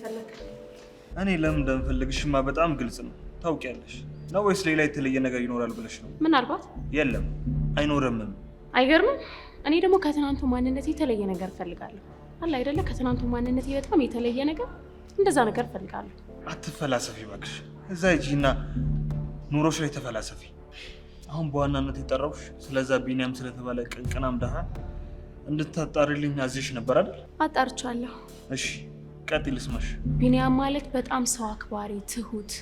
የፈለግ? እኔ ለምን እንደምፈልግሽማ በጣም ግልጽ ነው፣ ታውቂያለሽ ነው ወይስ ሌላ የተለየ ነገር ይኖራል ብለሽ ነው? ምናልባት የለም፣ አይኖርምም። አይገርምም። እኔ ደግሞ ከትናንቱ ማንነት የተለየ ነገር እፈልጋለሁ። አለ አይደለ? ከትናንቱ ማንነት በጣም የተለየ ነገር፣ እንደዛ ነገር እፈልጋለሁ። አትፈላሰፊ እባክሽ፣ እዛ ሂጂና ኑሮሽ ላይ ተፈላሰፊ። አሁን በዋናነት የጠራሁሽ ስለዛ ቢኒያም ስለተባለ ቅንቅናም ድሃ እንድታጣሪልኝ አዝሽ ነበር አይደል? አጣርቻለሁ። እሺ ቀጥይ ልስማሽ። ቢኒያም ማለት በጣም ሰው አክባሪ፣ ትሁት፣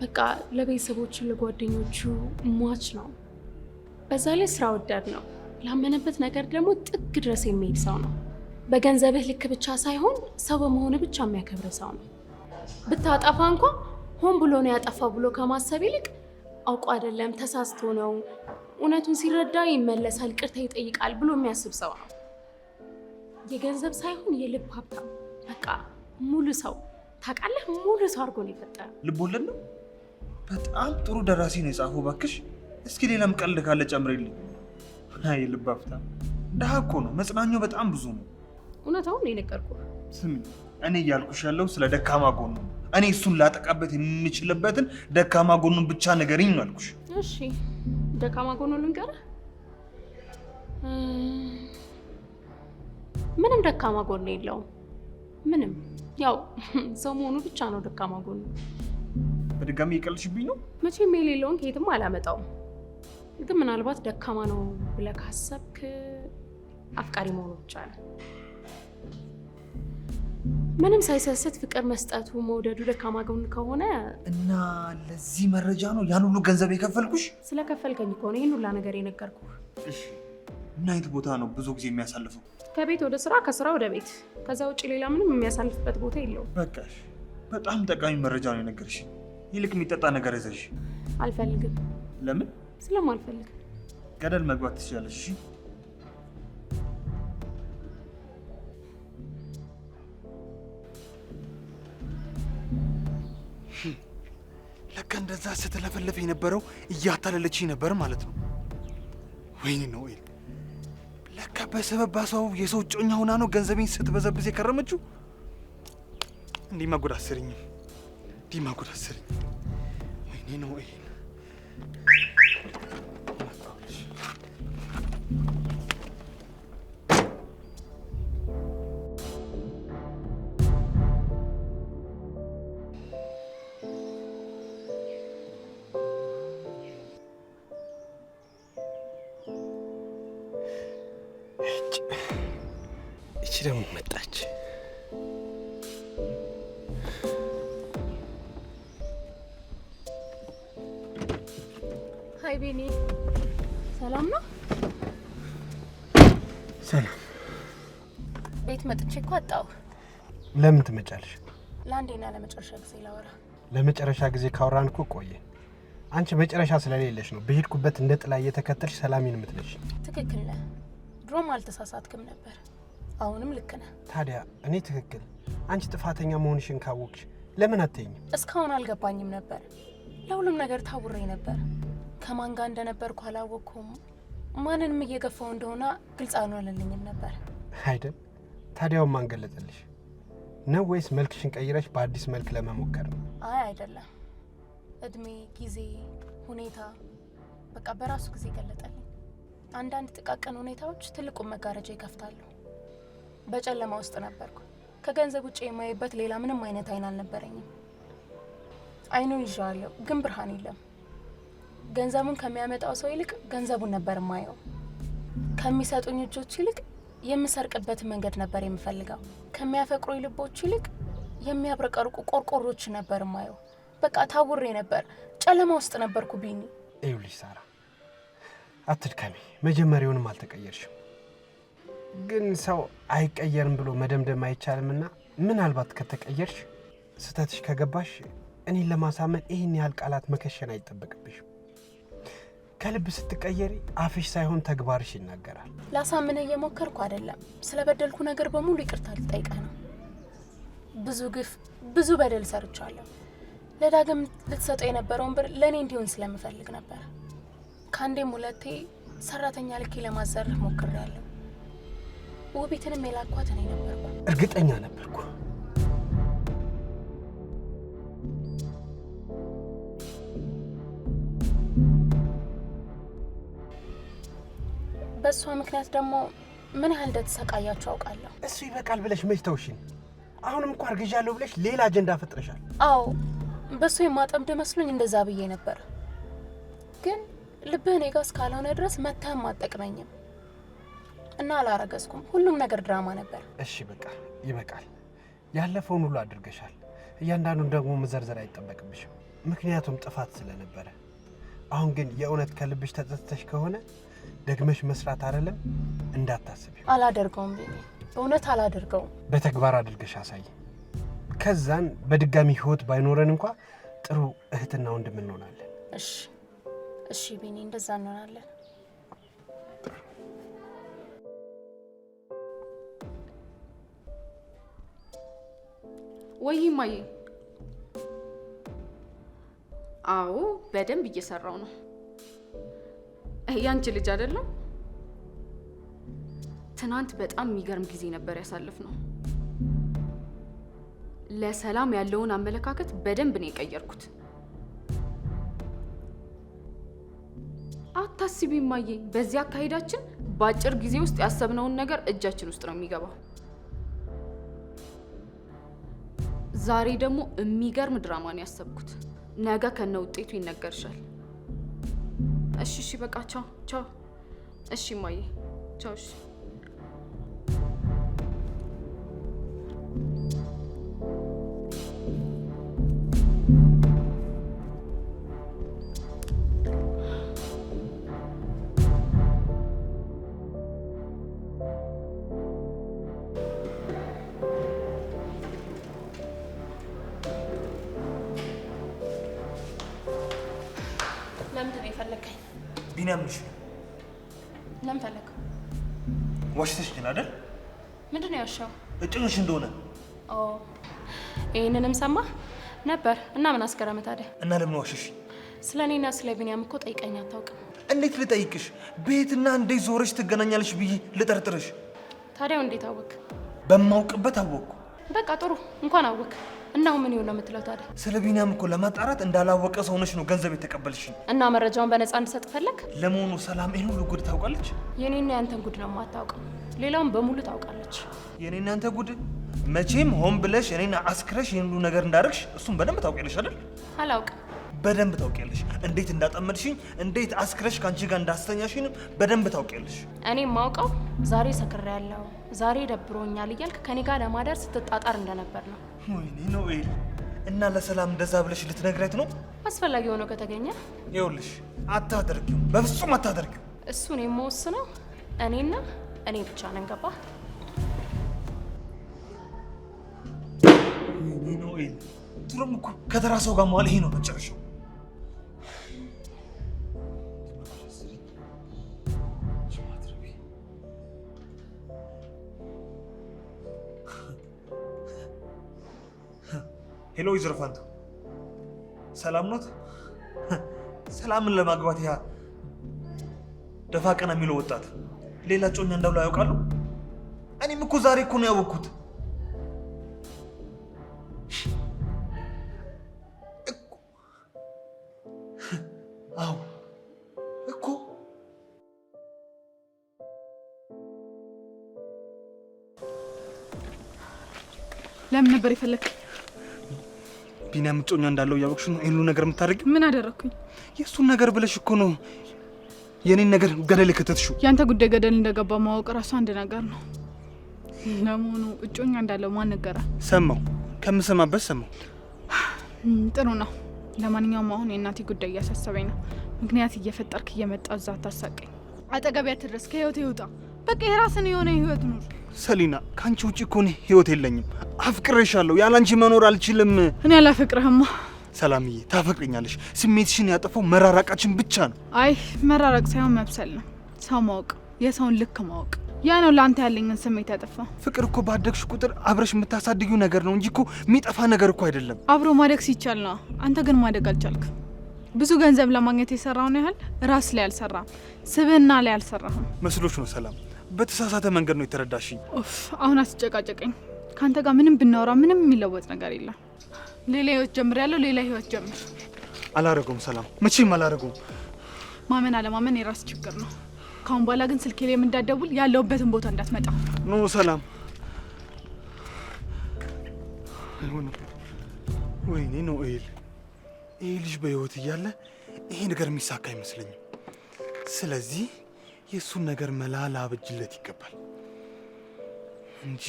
በቃ ለቤተሰቦቹ ለጓደኞቹ ሟች ነው። በዛ ላይ ስራ ወዳድ ነው። ላመነበት ነገር ደግሞ ጥግ ድረስ የሚሄድ ሰው ነው። በገንዘብህ ልክ ብቻ ሳይሆን ሰው በመሆኑ ብቻ የሚያከብረ ሰው ነው። ብታጠፋ እንኳ ሆን ብሎ ነው ያጠፋው ብሎ ከማሰብ ይልቅ አውቆ አይደለም ተሳስቶ ነው እውነቱን ሲረዳ ይመለሳል፣ ቅርታ ይጠይቃል ብሎ የሚያስብ ሰው ነው። የገንዘብ ሳይሆን የልብ ሀብታም በቃ ሙሉ ሰው ታውቃለህ፣ ሙሉ ሰው አድርጎ ነው የፈጠረ። ልቦለድ ነው። በጣም ጥሩ ደራሲ ነው የጻፈው። እባክሽ እስኪ ሌላም ቀልድ ካለ ጨምሬልኝ። አይ ልብ አፍታ ደሃ እኮ ነው፣ መጽናኛው በጣም ብዙ ነው። እውነታውን ነው ስሚ፣ እኔ እያልኩሽ ያለው ስለ ደካማ ጎኑ፣ እኔ እሱን ላጠቃበት የምችልበትን ደካማ ጎኑን ብቻ ንገሪኝ ነው ያልኩሽ። እሺ፣ ደካማ ጎኑ ልንገርህ? ምንም ደካማ ጎን የለውም። ምንም ያው ሰው መሆኑ ብቻ ነው ደካማ ጎኑ። በድጋሚ የቀልሽብኝ ነው። መቼም የሌለውን ከየትም አላመጣውም። ግን ምናልባት ደካማ ነው ብለህ ካሰብክ አፍቃሪ መሆኑ ብቻ ነው። ምንም ሳይሰስት ፍቅር መስጠቱ፣ መውደዱ ደካማ ጎን ከሆነ እና ለዚህ መረጃ ነው ያን ሁሉ ገንዘብ የከፈልኩሽ። ስለከፈልከኝ ከሆነ ይህን ሁላ ነገር የነገርኩህ። ምን አይነት ቦታ ነው ብዙ ጊዜ የሚያሳልፈው? ከቤት ወደ ስራ፣ ከስራ ወደ ቤት። ከዛ ውጭ ሌላ ምንም የሚያሳልፍበት ቦታ የለውም። በቃሽ፣ በጣም ጠቃሚ መረጃ ነው የነገርሽ። ይልቅ የሚጠጣ ነገር ይዘሽ። አልፈልግም። ለምን? ስለማልፈልግ። ገደል መግባት ትችላለሽ። እሺ ለካ እንደዛ ስትለፈለፍ የነበረው እያታለለች ነበር ማለት ነው። ወይኔ ነው በሰበባ ሰው የሰው ጮኛ ሆና ነው ገንዘቤን ስትበዘብዝ የከረመችው። እንዲህ ማጉድ አስርኝም፣ እንዲህ ማጉድ አስርኝም። ወይኔ ነው ይሄን ቤት መጥቼ እኮ አጣሁ። ለምን ትመጫለሽ? ለአንዴና ለመጨረሻ ጊዜ ላወራ። ለመጨረሻ ጊዜ ካወራን እኮ ቆየ። አንቺ መጨረሻ ስለሌለሽ ነው በሄድኩበት እንደ ጥላ እየተከተልሽ ሰላሜን የምትለሽ። ትክክል ነህ። ድሮም አልተሳሳትክም ነበር፣ አሁንም ልክ ነህ። ታዲያ እኔ ትክክል፣ አንቺ ጥፋተኛ መሆንሽን ካወቅሽ ለምን አትይኝም? እስካሁን አልገባኝም ነበር። ለሁሉም ነገር ታውሬ ነበር። ከማን ጋር እንደነበርኩ አላወቅኩም። ማንንም እየገፋው እንደሆነ ግልጽ አልሆነልኝም ነበር አይደል ታዲያው ማን ነው ወይስ መልክሽን ቀይረሽ በአዲስ መልክ ለመሞከር ነው? አይ አይደለም፣ እድሜ፣ ጊዜ፣ ሁኔታ በቃ በራሱ ጊዜ ገለጠልኝ። አንዳንድ ጥቃቅን ሁኔታዎች ትልቁን መጋረጃ ይከፍታሉ። በጨለማ ውስጥ ነበርኩ። ከገንዘብ ውጭ የማይበት ሌላ ምንም አይነት አይን አልነበረኝም። አይኑን ይዣዋለሁ፣ ግን ብርሃን የለም። ገንዘቡን ከሚያመጣው ሰው ይልቅ ገንዘቡን ነበር ማየው። ከሚሰጡኝ እጆች ይልቅ የምሰርቅበት መንገድ ነበር የምፈልገው። ከሚያፈቅሩ ልቦች ይልቅ የሚያብረቀርቁ ቆርቆሮች ነበር ማየው። በቃ ታውሬ ነበር፣ ጨለማ ውስጥ ነበርኩ። ቢኒ ይኸውልሽ፣ ሳራ አትድከሚ፣ መጀመሪያውንም አልተቀየርሽም። ግን ሰው አይቀየርም ብሎ መደምደም አይቻልምና ምናልባት ከተቀየርሽ ስህተትሽ ከገባሽ እኔን ለማሳመን ይህን ያህል ቃላት መከሸን አይጠበቅብሽም። ከልብ ስትቀየሪ አፍሽ ሳይሆን ተግባርሽ ይናገራል። ምን እየሞከርኩ አይደለም። ስለበደልኩ ነገር በሙሉ ይቅርታ ልጠይቀ ነው። ብዙ ግፍ፣ ብዙ በደል ሰርቻለሁ። ለዳግም ልትሰጠው የነበረውን ብር ለእኔ እንዲሆን ስለምፈልግ ነበር። ከአንዴም ሁለቴ ሰራተኛ ልኬ ለማዘረፍ ሞክሬያለሁ። ውቢትንም የላኳት እኔ ነበርኩ። እርግጠኛ ነበርኩ በእሷ ምክንያት ደግሞ ምን ያህል እንደተሰቃያችሁ አውቃለሁ። እሱ ይበቃል ብለሽ መች ተውሽኝ። አሁንም እኮ አርግዣለሁ ብለሽ ሌላ አጀንዳ ፈጥረሻል። አዎ በእሱ የማጠምድ መስሎኝ እንደዛ ብዬ ነበር። ግን ልብህ እኔ ጋ እስካልሆነ ድረስ መታህም አጠቅመኝም እና አላረገዝኩም። ሁሉም ነገር ድራማ ነበር። እሺ በቃ ይበቃል። ያለፈውን ሁሉ አድርገሻል። እያንዳንዱን ደግሞ መዘርዘር አይጠበቅብሽም፣ ምክንያቱም ጥፋት ስለነበረ። አሁን ግን የእውነት ከልብሽ ተጸጽተሽ ከሆነ ደግመሽ መስራት አይደለም እንዳታስብ። አላደርገውም ቢኒ፣ እውነት አላደርገውም። በተግባር አድርገሽ አሳይ። ከዛን በድጋሚ ህይወት ባይኖረን እንኳ ጥሩ እህትና ወንድም እንሆናለን። እሺ፣ እሺ ቢኒ፣ እንደዛ እንሆናለን። ወይ ማየ፣ አዎ በደንብ እየሰራው ነው ያንቺ ልጅ አይደለም? ትናንት በጣም የሚገርም ጊዜ ነበር ያሳልፍ ነው። ለሰላም ያለውን አመለካከት በደንብ ነው የቀየርኩት። አታስቢ ማየ በዚህ አካሄዳችን በአጭር ጊዜ ውስጥ ያሰብነውን ነገር እጃችን ውስጥ ነው የሚገባው። ዛሬ ደግሞ የሚገርም ድራማ ነው ያሰብኩት። ነገ ከነ ውጤቱ ይነገርሻል። እሺ እሺ፣ በቃ ቻው ቻው። እሺ እማዬ ቻው። እሺ ሊያምንሽ ነው። ለምን ፈለግ? ዋሽተሽኝ አይደል? ምንድን ነው ያሻው? እጭንሽ እንደሆነ ይህንንም ሰማ ነበር እና ምን አስገረመ ታዲያ? እና ለምን ዋሸሽ? ስለ እኔና ስለ ቢኒያም እኮ ጠይቀኝ አታውቅም። እንዴት ልጠይቅሽ? ቤትና እንዴት ዞረሽ ትገናኛለሽ ብዬ ልጠርጥርሽ? ታዲያው እንዴት አወቅ? በማውቅበት አወቅኩ። በቃ ጥሩ እንኳን አወቅ እና ምን ይሁን ነው የምትለው ታዲያ? ስለ ቢኒያም እኮ ለማጣራት እንዳላወቀ ሰው ሆነሽ ነው ገንዘብ የተቀበልሽ እና መረጃውን በነፃ እንድሰጥ ፈለግ? ለመሆኑ ሰላም ይህን ሁሉ ጉድ ታውቃለች? የኔና ያንተን ጉድ ነው የማታውቀው። ሌላውን በሙሉ ታውቃለች። የኔና ያንተ ጉድ መቼም ሆን ብለሽ እኔን አስክረሽ ይህን ሁሉ ነገር እንዳደረግሽ እሱም በደንብ ታውቂያለሽ አይደል? አላውቅም። በደንብ ታውቂያለሽ። እንዴት እንዳጠመድሽኝ፣ እንዴት አስክረሽ ከአንቺ ጋር እንዳስተኛሽንም በደንብ ታውቂያለሽ። እኔ ማውቀው ዛሬ ሰክሬያለሁ ዛሬ ደብሮኛል እያልክ ከኔ ጋር ለማደር ስትጣጣር እንደነበር ነው። ወይኔ ኖኤል፣ እና ለሰላም እንደዛ ብለሽ ልትነግረት ነው? አስፈላጊ ሆኖ ከተገኘ ይኸውልሽ፣ አታደርጊው፣ በፍጹም አታደርጊው። እሱን የምወስነው እኔና እኔ ብቻ ነን። ገባ? ኖኤል፣ ድሮም እኮ ከተራ ሰው ጋር መዋል ይሄ ነው መጨረሻው። ሄሎ ወይዘሮ ፋንቱ ሰላም ኖት? ሰላምን ለማግባት ያ ደፋ ቀና የሚለው ወጣት ሌላ ጮኛ እንዳውላ ያውቃሉ? እኔም እኮ ዛሬ እኮ ነው ያወቅኩት። አዎ እኮ ለምን ነበር የፈለግክ? የኔ ምጮኛ እንዳለው እያወቅሽ ነው ይህን ሁሉ ነገር የምታደርጊው? ምን አደረግኩኝ? የእሱን ነገር ብለሽ እኮ ነው የኔን ነገር ገደል የከተትሽው። ያንተ ጉዳይ ገደል እንደገባ ማወቅ ራሱ አንድ ነገር ነው። ለመሆኑ እጮኛ እንዳለው ማን ነገረ? ሰማው፣ ከምሰማበት ሰማው። ጥሩ ነው። ለማንኛውም አሁን የእናቴ ጉዳይ እያሳሰበኝ ነው። ምክንያት እየፈጠርክ እየመጣ እዛ አታሳቀኝ። አጠገቢያ ትድረስ፣ ከህይወት ይውጣ። በቃ የራስን የሆነ ህይወት ኑር። ሰሊና ከአንቺ ውጭ እኮ እኔ ህይወት የለኝም። አፍቅሬሻለሁ። ያለ አንቺ መኖር አልችልም። እኔ አላፈቅርህማ ሰላምዬ። ታፈቅረኛለሽ። ስሜትሽን ያጠፋው መራራቃችን ብቻ ነው። አይ መራራቅ ሳይሆን መብሰል ነው። ሰው ማወቅ፣ የሰውን ልክ ማወቅ ያ ነው ለአንተ ያለኝን ስሜት ያጠፋ። ፍቅር እኮ ባደግሽ ቁጥር አብረሽ የምታሳድጊው ነገር ነው እንጂ እኮ የሚጠፋ ነገር እኮ አይደለም። አብሮ ማደግ ሲቻል ነው። አንተ ግን ማደግ አልቻልክ። ብዙ ገንዘብ ለማግኘት የሰራውን ያህል ራስ ላይ አልሰራም፣ ስብዕና ላይ አልሰራም መስሎች ነው ሰላም በተሳሳተ መንገድ ነው የተረዳሽኝ። አሁን አስጨቃጨቀኝ። ከአንተ ጋር ምንም ብናወራ ምንም የሚለወጥ ነገር የለም። ሌላ ህይወት ጀምር ያለው ሌላ ህይወት ጀምር። አላረገውም ሰላም፣ መቼም አላረገውም። ማመን አለማመን የራስ ችግር ነው። ካሁን በኋላ ግን ስልኬ ላይ እንዳትደውል፣ ያለውበትን ቦታ እንዳትመጣ። ኖ ሰላም፣ አይሆንም። ወይኔ ነው ኤል ይህ ልጅ በህይወት እያለ ይሄ ነገር የሚሳካ አይመስለኝም። ስለዚህ የእሱን ነገር መላ አብጅለት ይገባል እንጂ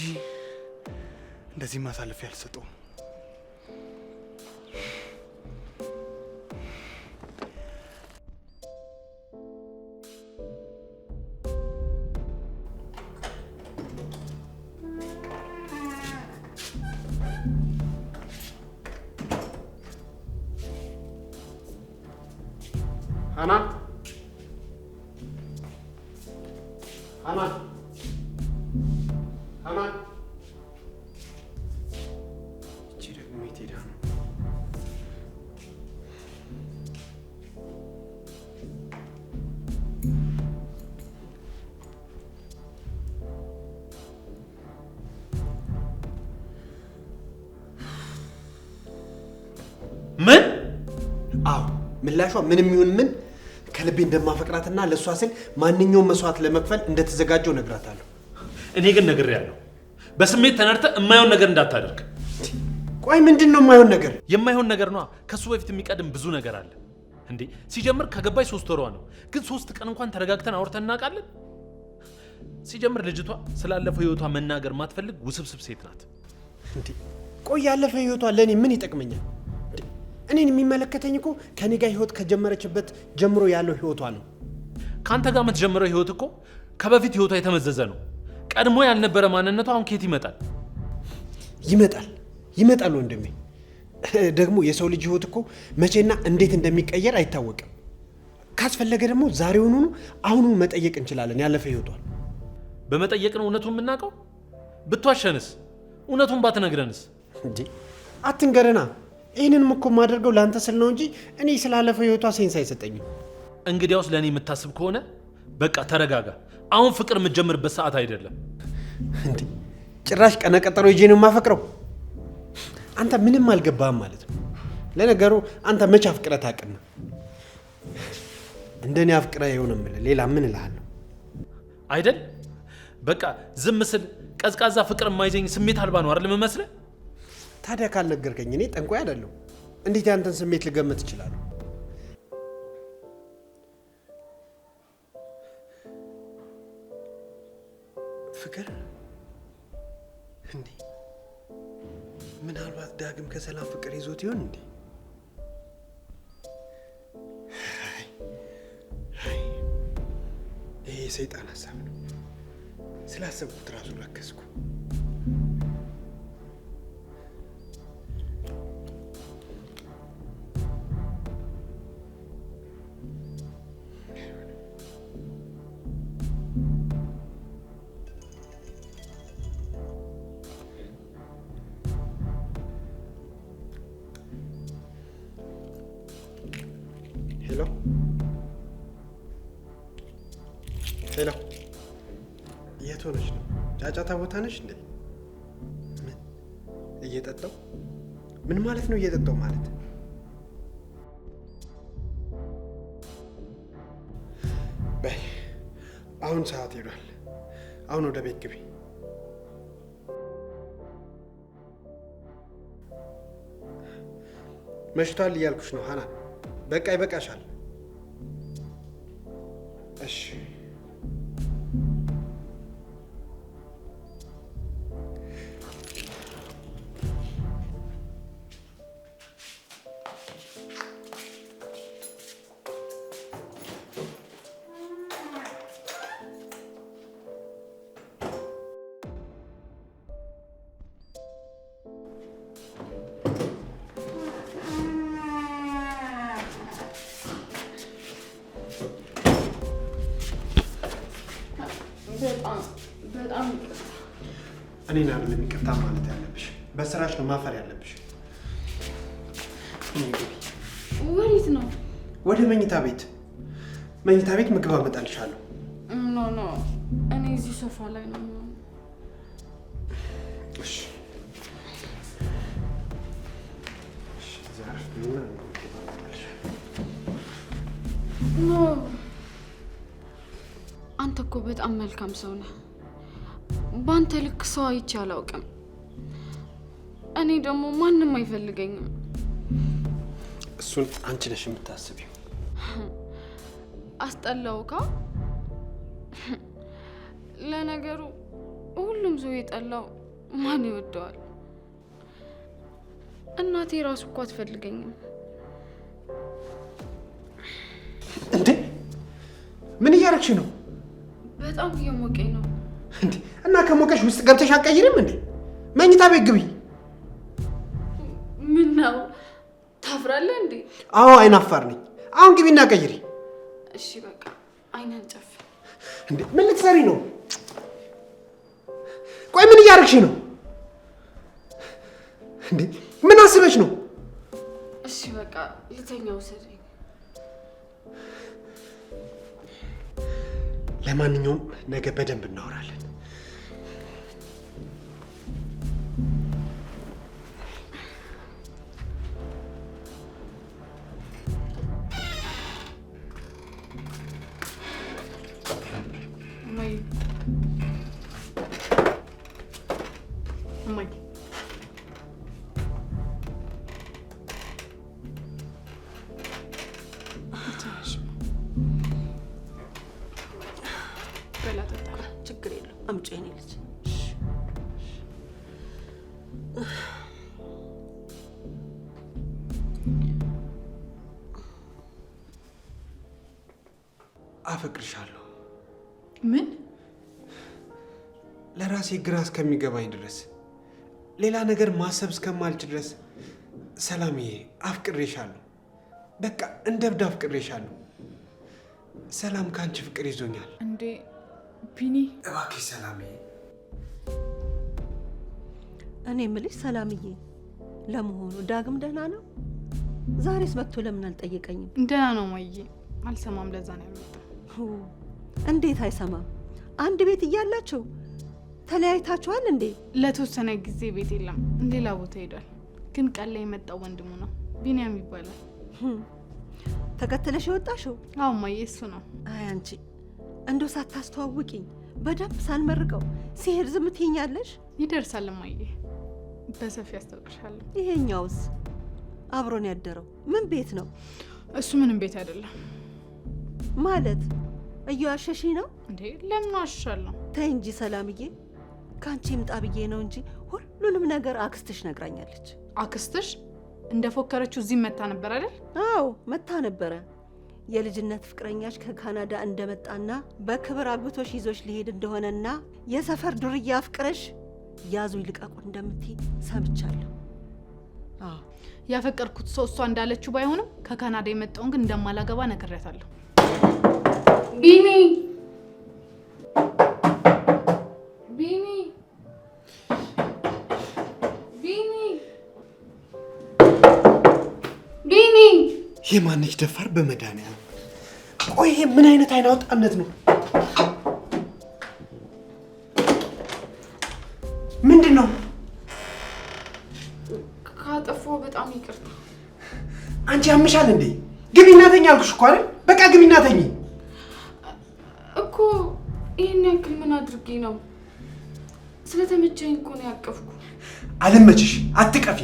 እንደዚህ ማሳለፊያ አልሰጠውም። ምላሿ ምንም ይሁን ምን ከልቤ እንደማፈቅራትና ለእሷ ስል ማንኛውም መስዋዕት ለመክፈል እንደተዘጋጀው ነግራታለሁ። እኔ ግን ነግሬያለሁ፣ በስሜት ተነድተ የማይሆን ነገር እንዳታደርግ። ቆይ ምንድን ነው የማይሆን ነገር? የማይሆን ነገር ነዋ። ከእሱ በፊት የሚቀድም ብዙ ነገር አለ እንዴ። ሲጀምር ከገባይ ሶስት ወሯ ነው፣ ግን ሶስት ቀን እንኳን ተረጋግተን አውርተን እናውቃለን? ሲጀምር ልጅቷ ስላለፈው ህይወቷ መናገር ማትፈልግ ውስብስብ ሴት ናት። እንዴ ቆይ ያለፈ ህይወቷ ለእኔ ምን ይጠቅመኛል? እኔን የሚመለከተኝ እኮ ከኔ ጋር ህይወት ከጀመረችበት ጀምሮ ያለው ህይወቷ ነው። ከአንተ ጋር የምትጀምረው ህይወት እኮ ከበፊት ህይወቷ የተመዘዘ ነው። ቀድሞ ያልነበረ ማንነቷ አሁን ከየት ይመጣል? ይመጣል ይመጣል ወንድሜ። ደግሞ የሰው ልጅ ህይወት እኮ መቼና እንዴት እንደሚቀየር አይታወቅም። ካስፈለገ ደግሞ ዛሬውኑ አሁኑ መጠየቅ እንችላለን። ያለፈ ህይወቷል በመጠየቅ ነው እውነቱን የምናውቀው። ብትዋሸንስ? እውነቱን ባትነግረንስ? እንዴ አትንገረና ይህንን ምኮ ማደርገው ለአንተ ስል ነው እንጂ እኔ ስላለፈው ህይወቷ ሴንስ አይሰጠኝም። እንግዲያውስ ለእኔ የምታስብ ከሆነ በቃ ተረጋጋ። አሁን ፍቅር የምትጀምርበት ሰዓት አይደለም። እንዴ ጭራሽ ቀነቀጠሮ ይዤ ነው የማፈቅረው? አንተ ምንም አልገባህም ማለት ነው። ለነገሩ አንተ መቼ አፍቅረህ ታውቅና? እንደኔ አፍቅረህ የሆነ የምልህ ሌላ ምን እልሃለሁ አይደል? በቃ ዝም ስል ቀዝቃዛ ፍቅር የማይዘኝ ስሜት አልባ ነው አይደል የምመስልህ? ታዲያ ካልነገርከኝ እኔ ጠንቋይ አይደለሁ። እንዴት ያንተን ስሜት ልገምት እችላለሁ? ፍቅር እንዴ! ምናልባት ዳግም ከሰላም ፍቅር ይዞት ይሆን እንዴ? ይሄ የሰይጣን ሀሳብ ነው። ስላሰብኩት ራሱ ረከስኩ። ነሽ እንዴ? እየጠጣው ምን ማለት ነው? እየጠጣው ማለት በይ፣ አሁን ሰዓት ሄዷል። አሁን ወደ ቤት ግቢ። መሽቷል እያልኩሽ ነው ሀናን። በቃ ይበቃሻል። በጣም በጣም እኔን አይደለም ይቅርታ ማለት ያለብሽ፣ በስራሽ ነው ማፈር ያለብሽ። ወዴት ነው? ወደ መኝታ ቤት። መኝታ ቤት ምግብ አመጣልሻለሁ። ኖ ኖ፣ እኔ እዚህ ሶፋ ላይ ነው በጣም መልካም ሰው ነህ። በአንተ ልክ ሰው አይቼ አላውቅም። እኔ ደግሞ ማንም አይፈልገኝም። እሱን አንቺ ነሽ የምታስቢው። አስጠላውካ። ለነገሩ ሁሉም ሰው የጠላው ማን ይወደዋል? እናቴ ራሱ እኮ አትፈልገኝም። እንዴ ምን እያረግሽ ነው? በጣም እየሞቀኝ ነው። እንዴ እና ከሞቀሽ ውስጥ ገብተሽ አትቀይሪም እንዴ? መኝታ ቤት ግቢ። ምን ነው ታፍራለህ እንዴ? አዎ አይናፋር ነኝ። አሁን ግቢና ቀይሪ። እሺ በቃ አይነን ጨፍ። እንዴ ምን ልትሰሪ ነው? ቆይ ምን እያደረግሽ ነው እንዴ? ምን አስበሽ ነው? እሺ በቃ ልተኛ ውሰደኝ። ለማንኛውም ነገ በደንብ እናወራለን። ራሴ ግራ እስከሚገባኝ ድረስ ሌላ ነገር ማሰብ እስከማልች ድረስ ሰላምዬ አፍቅሬሻለሁ። በቃ እንደ እብድ አፍቅሬሻለሁ። ሰላም ከአንቺ ፍቅር ይዞኛል። እንዴ ቢኒ እባክሽ ሰላምዬ። እኔ የምልሽ ሰላምዬ፣ ለመሆኑ ዳግም ደህና ነው? ዛሬስ መጥቶ ለምን አልጠየቀኝም? ደህና ነው ማየ፣ አልሰማም። ለዛ ነው ያመጣ። እንዴት አይሰማም? አንድ ቤት እያላቸው ተለያይታችኋል እንዴ? ለተወሰነ ጊዜ ቤት የለም፣ ሌላ ቦታ ሄዷል። ግን ቀን ላይ የመጣው ወንድሙ ነው፣ ቢንያም ይባላል። ተከተለሽ የወጣሽው? አዎ እማዬ፣ እሱ ነው። አይ አንቺ እንደው ሳታስተዋውቂኝ በደንብ ሳልመርቀው ሲሄድ ዝም ትይኛለሽ? ይደርሳል እማዬ፣ በሰፊ አስታውቅሻለሁ። ይሄኛውስ አብሮን ያደረው ምን ቤት ነው? እሱ ምንም ቤት አይደለም ማለት እየዋሸሽኝ ነው እንዴ? ለምን ዋሻለሁ? ተይ እንጂ ሰላምዬ ከአንቺ ይምጣ ብዬ ነው እንጂ ሁሉንም ነገር አክስትሽ ነግራኛለች። አክስትሽ እንደፎከረችው እዚህ መታ ነበር አይደል? አዎ መታ ነበረ። የልጅነት ፍቅረኛሽ ከካናዳ እንደመጣና በክብር አግብቶሽ ይዞሽ ሊሄድ እንደሆነና የሰፈር ዱርያ ፍቅረሽ ያዙ ይልቀቁ እንደምትይ ሰምቻለሁ። ያፈቀርኩት ሰው እሷ እንዳለችው ባይሆንም ከካናዳ የመጣውን ግን እንደማላገባ ነግሬያታለሁ ቢኒ የማነች ደፋር በመድኃኒዓለም ቆይ ይሄ ምን አይነት አይነ አውጣነት ነው ምንድን ነው ካጠፎ በጣም ይቅርታ አንቺ ያምሻል እንዴ ግቢ እናተኝ አልኩሽ እኮ አይደል በቃ ግቢ እናተኝ እኮ ይህን ያክል ምን አድርጌ ነው ስለተመቸኝ እኮ ነው ያቀፍኩ አልመችሽ አትቀፊ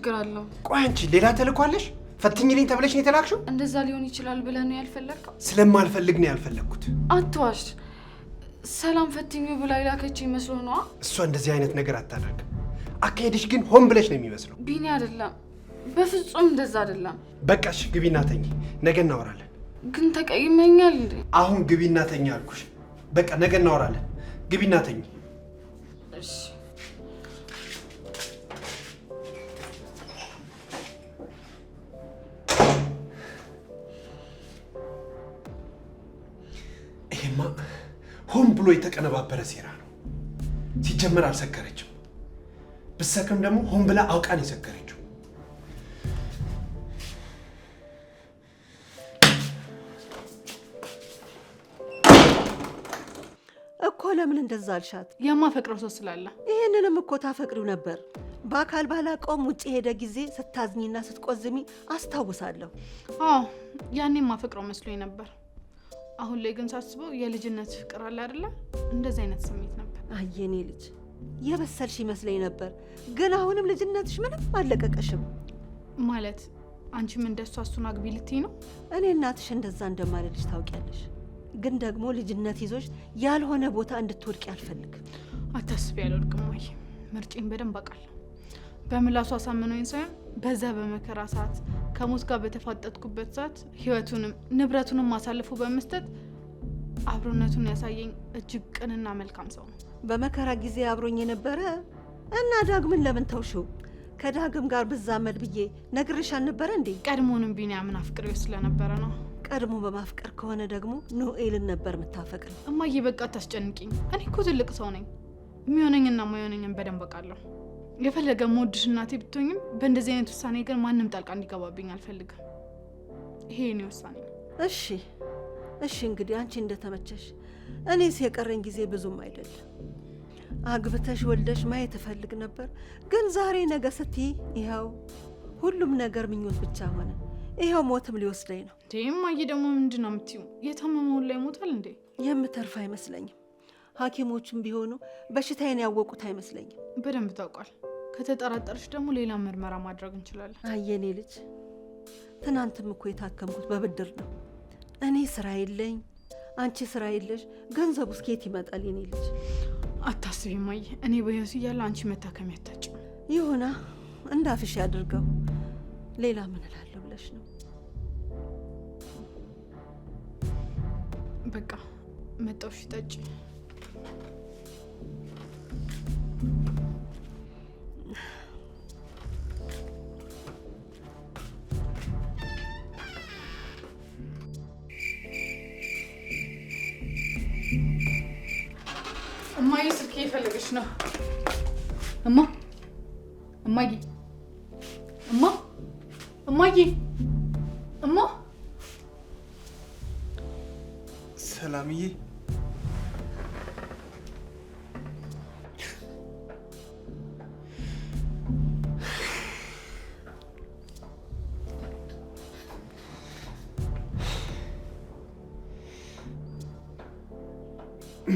ችግር አለው? ቆይ አንቺ ሌላ ተልኳለሽ? ፈትኝልኝ ተብለሽ ነው የተላክሽው? እንደዛ ሊሆን ይችላል ብለህ ነው ያልፈለግከው? ስለማልፈልግ ነው ያልፈለግኩት። አትዋሽ። ሰላም ፈትኙ ብላ የላከች ይመስሎ ነዋ። እሷ እንደዚህ አይነት ነገር አታደርግም። አካሄድሽ ግን ሆን ብለሽ ነው የሚመስለው። ቢኒ አይደለም፣ በፍጹም እንደዛ አይደለም። በቃሽ፣ ግቢና ተኝ፣ ነገ እናወራለን። ግን ተቀይመኛል እንዴ? አሁን ግቢና ተኝ አልኩሽ። በቃ ነገ እናወራለን። ግቢና ተኝ። እሺ ይሄማ ሆን ብሎ የተቀነባበረ ሴራ ነው። ሲጀመር አልሰከረችም። ብትሰክርም ደግሞ ሆን ብላ አውቃን የሰከረችው። እኮ ለምን እንደዛ አልሻት? የማፈቅረው ሰው ስላለ። ይህንንም እኮ ታፈቅሪው ነበር። በአካል ባላቀውም ውጭ ሄደ ጊዜ ስታዝኝና ስትቆዝሚ አስታውሳለሁ። አዎ ያኔ የማፈቅረው መስሎኝ ነበር። አሁን ላይ ግን ሳስበው የልጅነት ፍቅር አለ አይደለ? እንደዚህ አይነት ስሜት ነበር። አየኔ ልጅ የበሰልሽ ይመስለኝ ነበር፣ ግን አሁንም ልጅነትሽ ምንም አለቀቀሽም። ማለት አንቺም እንደሷ እሱን አግቢ ልትይ ነው? እኔ እናትሽ እንደዛ እንደማልልሽ ታውቂያለሽ፣ ግን ደግሞ ልጅነት ይዞሽ ያልሆነ ቦታ እንድትወድቅ አልፈልግም። አታስቢ፣ ያልወድቅም ወይ ምርጬን በደንብ አውቃለሁ። በምላሱ አሳምነኝ ሳይሆን በዛ በመከራ ሰዓት ከሞት ጋር በተፋጠጥኩበት ሰዓት ህይወቱንም ንብረቱንም አሳልፎ በመስጠት አብሮነቱን ያሳየኝ እጅግ ቅንና መልካም ሰው ነው። በመከራ ጊዜ አብሮኝ የነበረ እና ዳግምን ለምን ተውሽው? ከዳግም ጋር ብዛመድ ብዬ ነግርሽ አልነበረ እንዴ? ቀድሞንም ቢንያምን አፍቅሬው ስለነበረ ነው። ቀድሞ በማፍቀር ከሆነ ደግሞ ኖኤልን ነበር የምታፈቅር። እማዬ በቃ ታስጨንቂኝ። እኔ እኮ ትልቅ ሰው ነኝ። የሚሆነኝና የማይሆነኝን በደንብ አውቃለሁ። የፈለገ መወድሽ እናቴ ብትሆኝም በእንደዚህ አይነት ውሳኔ ግን ማንም ጣልቃ እንዲገባብኝ አልፈልግም። ይሄ የኔ ውሳኔ ነው። እሺ እሺ፣ እንግዲህ አንቺ እንደተመቸሽ። እኔስ የቀረኝ ጊዜ ብዙም አይደለም። አግብተሽ ወልደሽ ማየት እፈልግ ነበር፣ ግን ዛሬ ነገ ስትይ ይኸው ሁሉም ነገር ምኞት ብቻ ሆነ። ይኸው ሞትም ሊወስደኝ ነው። እማዬ ደግሞ ምንድን ነው የምትይው? የታመመውን ላይ ሞታል እንዴ? የምተርፍ አይመስለኝም። ሐኪሞችም ቢሆኑ በሽታዬን ያወቁት አይመስለኝም። በደንብ ታውቋል። ከተጠራጠርሽ ደግሞ ሌላ ምርመራ ማድረግ እንችላለን። አየኔ ልጅ ትናንትም እኮ የታከምኩት በብድር ነው። እኔ ስራ የለኝ፣ አንቺ ስራ የለሽ። ገንዘቡ እስከ የት ይመጣል? የኔ ልጅ አታስቢ ማየ፣ እኔ በህይወት እያለ አንቺ መታከም ያታጭ ይሁና እንዳፍሽ ያድርገው። ሌላ ምን እላለሁ ብለሽ ነው? በቃ መጣውሽ ጠጭ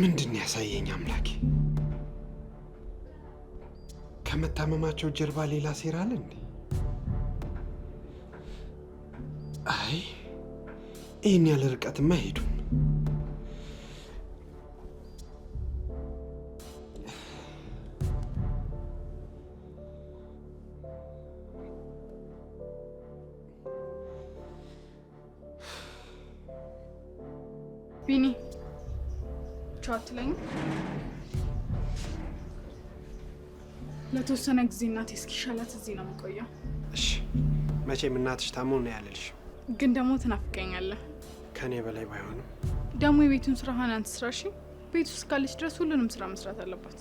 ምንድን ያሳየኝ አምላኬ? ከመታመማቸው ጀርባ ሌላ ሴራ አለ እንዴ? አይ ይህን ያለ ርቀትማ ሄዱ። ለተወሰነ ጊዜ እናቴ እስኪሻላት እዚህ ነው የምቆየው። እሺ፣ መቼም እናትሽ ታሞ ነው ያለልሽ፣ ግን ደግሞ ትናፍቀኛለህ። ከእኔ በላይ ባይሆንም ደግሞ የቤቱን ስራ ሀናን ስራ እሺ፣ ቤት ውስጥ ካለች ድረስ ሁሉንም ስራ መስራት አለባት።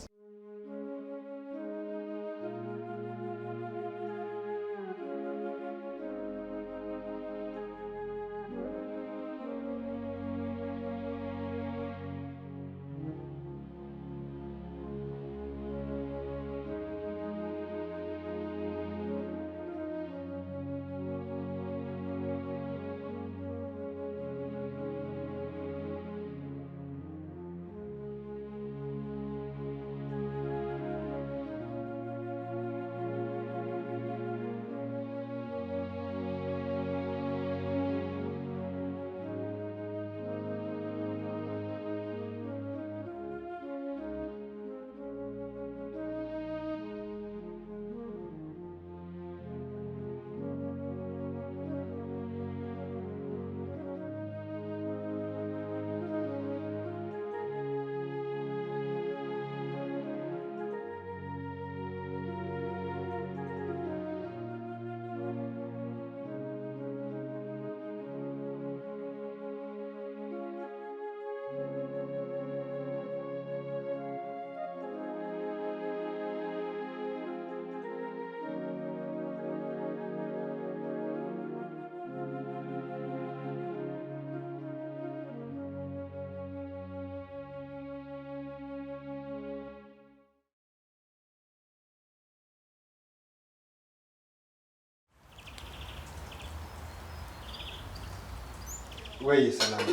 ወይ ሰላም፣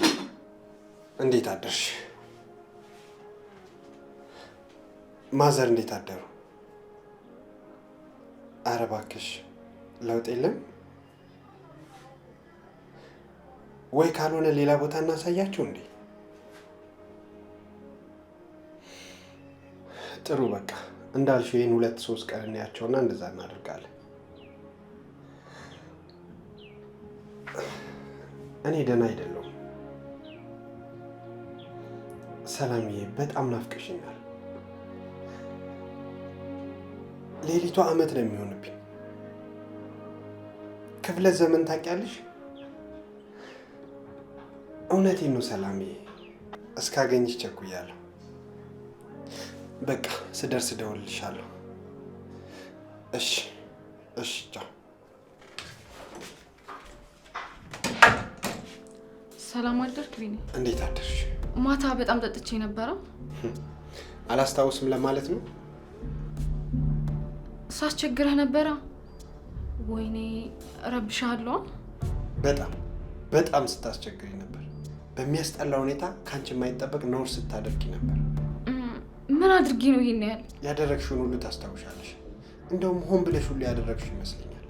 እንዴት አደርሽ? ማዘር እንዴት አደሩ? አረ እባክሽ ለውጥ የለም ወይ? ካልሆነ ሌላ ቦታ እናሳያችሁ እንዴ? ጥሩ በቃ እንዳልሽው ይህን ሁለት ሶስት ቀን እናያቸውና እንደዛ እናደርጋለን። እኔ ደህና አይደለሁም። ሰላምዬ በጣም ናፍቀሽኛል። ሌሊቷ አመት ነው የሚሆንብኝ። ክፍለ ዘመን ታውቂያለሽ? እውነቴን ነው ሰላምዬ፣ እስካገኝሽ ቸኩያለሁ። በቃ ስደርስ እደውልልሻለሁ። እሺ፣ እሺ፣ ቻው ሰላም አደርክ ቢኒ? እንዴት አደርሽ? ማታ በጣም ጠጥቼ ነበረ። አላስታውስም ለማለት ነው። ሳስቸግረህ ነበረ? ወይኔ ረብሻለሁ። በጣም በጣም ስታስቸግሪ ነበር። በሚያስጠላ ሁኔታ ከአንቺ የማይጠበቅ ነውር ስታደርጊ ነበር። ምን አድርጊ ነው ይሄን ያህል? ያደረግሽውን ሁሉ ታስታውሻለሽ። እንደውም ሆን ብለሽ ሁሉ ያደረግሽ ይመስለኛል።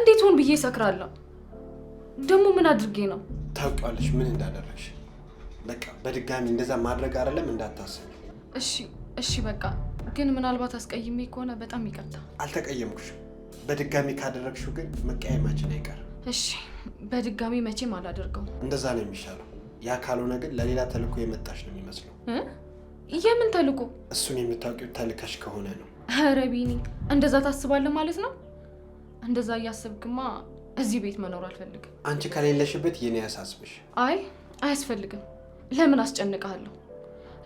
እንዴት ሆን ብዬ እሰክራለሁ? ደግሞ ምን አድርጌ ነው? ታውቂዋለሽ ምን እንዳደረግሽ። በቃ በድጋሚ እንደዛ ማድረግ አይደለም እንዳታስብ። እሺ እሺ። በቃ ግን ምናልባት አስቀይሜ ከሆነ በጣም ይቅርታ። አልተቀየምኩሽ። በድጋሚ ካደረግሽው ግን መቀየማችን አይቀርም። እሺ በድጋሚ መቼም አላደርገው። እንደዛ ነው የሚሻለው። ያ ካልሆነ ግን ለሌላ ተልእኮ የመጣሽ ነው የሚመስለው። የምን ተልእኮ? እሱን የምታውቂው ተልከሽ ከሆነ ነው። ኧረ ቢኒ እንደዛ ታስባለህ ማለት ነው? እንደዛ እያስብክማ እዚህ ቤት መኖር አልፈልግም። አንቺ ከሌለሽበት የኔ ያሳስብሽ። አይ አያስፈልግም። ለምን አስጨንቅሃለሁ?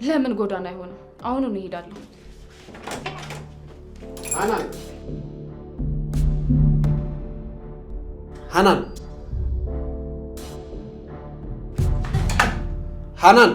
ለምን ጎዳና አይሆንም። አሁኑን እሄዳለሁ። ሀናን ሃናን ሃናን